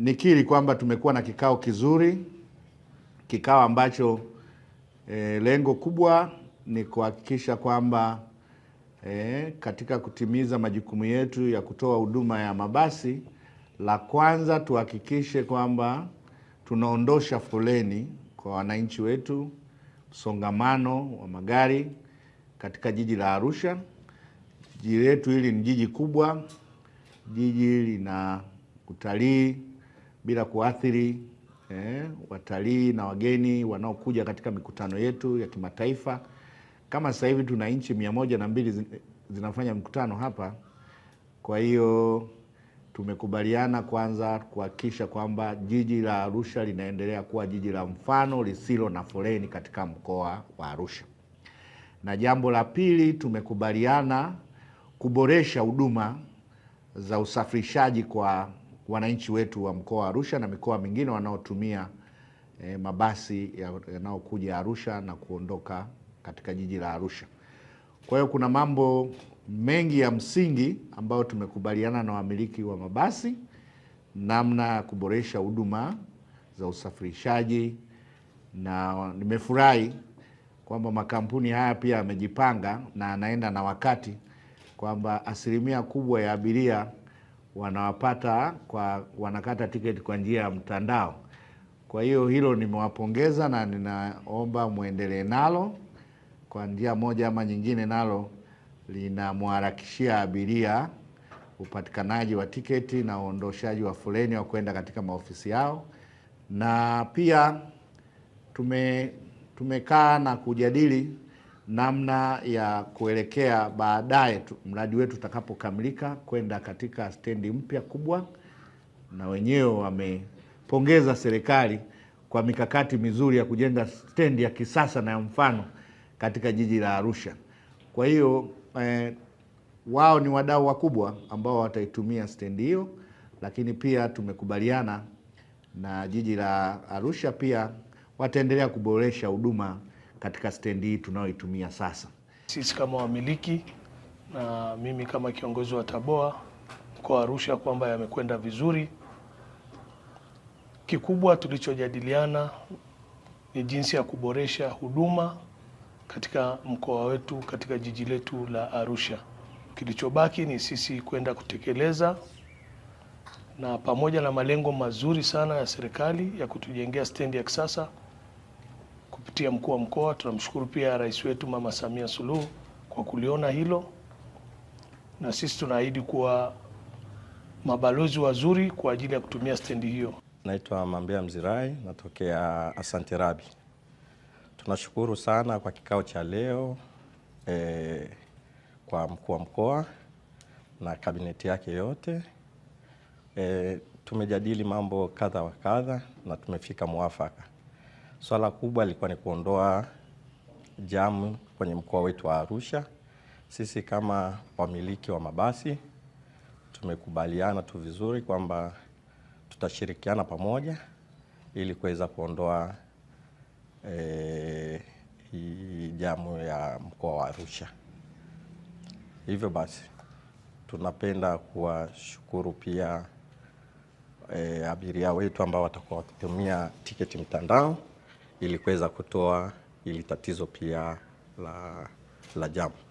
nikiri kwamba tumekuwa na kikao kizuri, kikao ambacho e, lengo kubwa ni kuhakikisha kwamba e, katika kutimiza majukumu yetu ya kutoa huduma ya mabasi, la kwanza tuhakikishe kwamba tunaondosha foleni kwa wananchi wetu, msongamano wa magari katika jiji la Arusha. Jiji letu hili ni jiji kubwa, jiji lina utalii bila kuathiri eh, watalii na wageni wanaokuja katika mikutano yetu ya kimataifa. Kama sasa hivi tuna nchi mia moja na mbili zinafanya mkutano hapa, kwa hiyo tumekubaliana kwanza kuhakikisha kwamba jiji la Arusha linaendelea kuwa jiji la mfano lisilo na foleni katika mkoa wa Arusha. Na jambo la pili, tumekubaliana kuboresha huduma za usafirishaji kwa wananchi wetu wa mkoa wa Arusha na mikoa mingine wanaotumia e, mabasi yanayokuja Arusha na kuondoka katika jiji la Arusha. Kwa hiyo kuna mambo mengi ya msingi ambayo tumekubaliana na wamiliki wa mabasi, namna ya kuboresha huduma za usafirishaji, na nimefurahi kwamba makampuni haya pia yamejipanga na anaenda na wakati kwamba asilimia kubwa ya abiria wanawapata kwa wanakata tiketi kwa njia ya mtandao. Kwa hiyo hilo nimewapongeza na ninaomba mwendelee nalo kwa njia moja ama nyingine, nalo linamharakishia abiria upatikanaji wa tiketi na uondoshaji wa foleni wa kwenda katika maofisi yao. Na pia tume tumekaa na kujadili namna ya kuelekea baadaye mradi wetu utakapokamilika kwenda katika stendi mpya kubwa, na wenyewe wamepongeza serikali kwa mikakati mizuri ya kujenga stendi ya kisasa na ya mfano katika jiji la Arusha. Kwa hiyo eh, wao ni wadau wakubwa ambao wataitumia stendi hiyo, lakini pia tumekubaliana na jiji la Arusha pia wataendelea kuboresha huduma katika stendi hii tunayoitumia sasa. Sisi kama wamiliki na mimi kama kiongozi wa TABOA mkoa wa Arusha kwamba yamekwenda vizuri. Kikubwa tulichojadiliana ni jinsi ya kuboresha huduma katika mkoa wetu, katika jiji letu la Arusha. Kilichobaki ni sisi kwenda kutekeleza, na pamoja na malengo mazuri sana ya serikali ya kutujengea stendi ya kisasa kupitia mkuu wa mkoa. Tunamshukuru pia rais wetu Mama Samia Suluhu kwa kuliona hilo, na sisi tunaahidi kuwa mabalozi wazuri kwa ajili ya kutumia stendi hiyo. Naitwa Mambea Mzirai, natokea Asante Rabi. Tunashukuru sana kwa kikao cha leo eh, kwa mkuu wa mkoa na kabineti yake yote eh, tumejadili mambo kadha wa kadha na tumefika mwafaka. Swala kubwa ilikuwa ni kuondoa jamu kwenye mkoa wetu wa Arusha. Sisi kama wamiliki wa mabasi tumekubaliana tu vizuri kwamba tutashirikiana pamoja ili kuweza kuondoa e, jamu ya mkoa wa Arusha. Hivyo basi tunapenda kuwashukuru pia e, abiria wetu ambao watakuwa wakitumia tiketi mtandao ili kuweza kutoa ili tatizo pia la, la jamu.